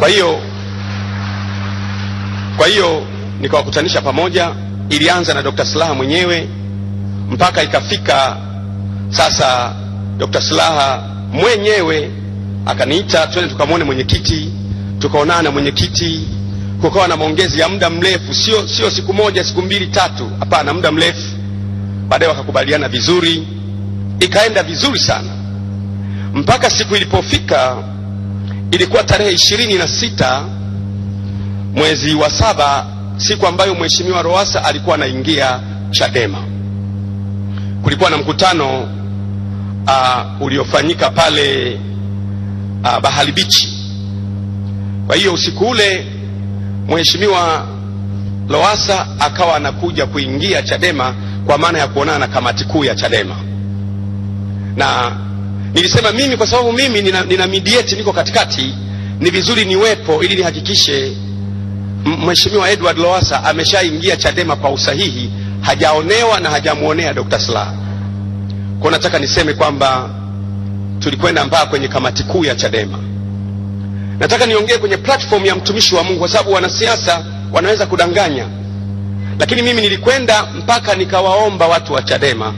Kwa hiyo kwa hiyo nikawakutanisha pamoja, ilianza na Dr. Slaha mwenyewe mpaka ikafika sasa, Dr. Slaha mwenyewe akaniita twende tukamwone mwenyekiti, tukaonana na mwenyekiti, kukawa na maongezi ya muda mrefu, sio sio siku moja siku mbili tatu, hapana, muda mrefu. Baadaye wakakubaliana vizuri, ikaenda vizuri sana mpaka siku ilipofika Ilikuwa tarehe ishirini na sita mwezi wa saba, siku ambayo mheshimiwa roasa alikuwa anaingia Chadema. Kulikuwa na mkutano uh, uliofanyika pale uh, Bahari Beach. Kwa hiyo usiku ule mheshimiwa roasa akawa anakuja kuingia Chadema kwa maana ya kuonana na kamati kuu ya Chadema na Nilisema mimi kwa sababu mimi nina, nina mediate niko katikati, ni vizuri niwepo ili nihakikishe Mheshimiwa Edward loasa ameshaingia Chadema kwa usahihi, hajaonewa na hajamwonea Dr. Slaa. Kwa nataka niseme kwamba tulikwenda mbaa kwenye kamati kuu ya Chadema. Nataka niongee kwenye platform ya mtumishi wa Mungu kwa sababu wanasiasa wanaweza kudanganya, lakini mimi nilikwenda mpaka nikawaomba watu wa Chadema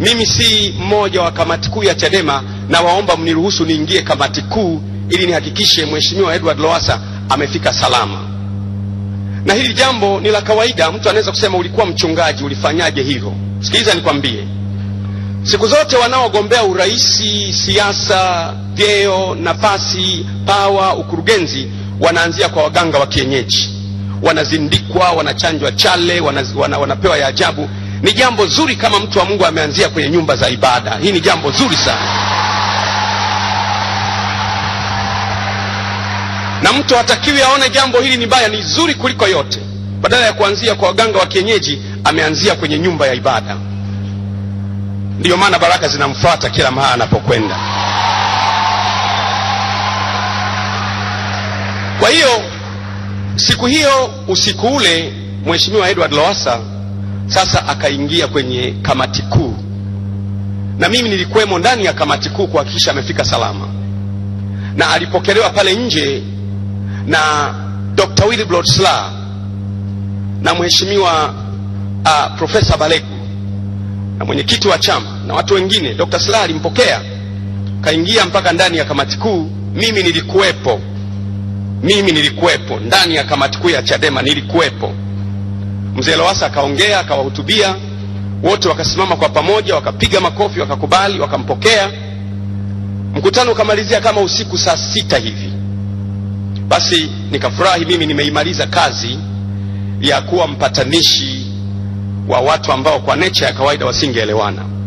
mimi si mmoja wa kamati kuu ya Chadema na waomba mniruhusu niingie kamati kuu ili nihakikishe Mheshimiwa Edward Lowassa amefika salama. Na hili jambo ni la kawaida. Mtu anaweza kusema ulikuwa mchungaji, ulifanyaje hivyo? Sikiliza nikwambie, siku zote wanaogombea urais, siasa, vyeo, nafasi, pawa, ukurugenzi wanaanzia kwa waganga wa kienyeji, wanazindikwa, wanachanjwa chale, wana, wana, wanapewa ya ajabu ni jambo zuri kama mtu wa Mungu ameanzia kwenye nyumba za ibada. Hii ni jambo zuri sana, na mtu hatakiwi aone jambo hili ni baya, ni zuri kuliko yote. Badala ya kuanzia kwa waganga wa kienyeji, ameanzia kwenye nyumba ya ibada. Ndiyo maana baraka zinamfuata kila mahala anapokwenda. Kwa hiyo siku hiyo, usiku ule, Mheshimiwa Edward lowasa sasa akaingia kwenye kamati kuu, na mimi nilikuwemo ndani ya kamati kuu kuhakikisha amefika salama, na alipokelewa pale nje na Dr. willi blodsla na mheshimiwa uh, Profesa Balegu na mwenyekiti wa chama na watu wengine. Dr. sla alimpokea kaingia mpaka ndani ya kamati kuu. Mimi nilikuwepo, mimi nilikuwepo ndani ya kamati kuu ya Chadema, nilikuwepo. Mzee Lowassa akaongea akawahutubia wote, wakasimama kwa pamoja, wakapiga makofi, wakakubali, wakampokea. Mkutano ukamalizia kama usiku saa sita hivi. Basi nikafurahi mimi nimeimaliza kazi ya kuwa mpatanishi wa watu ambao kwa nature ya kawaida wasingeelewana.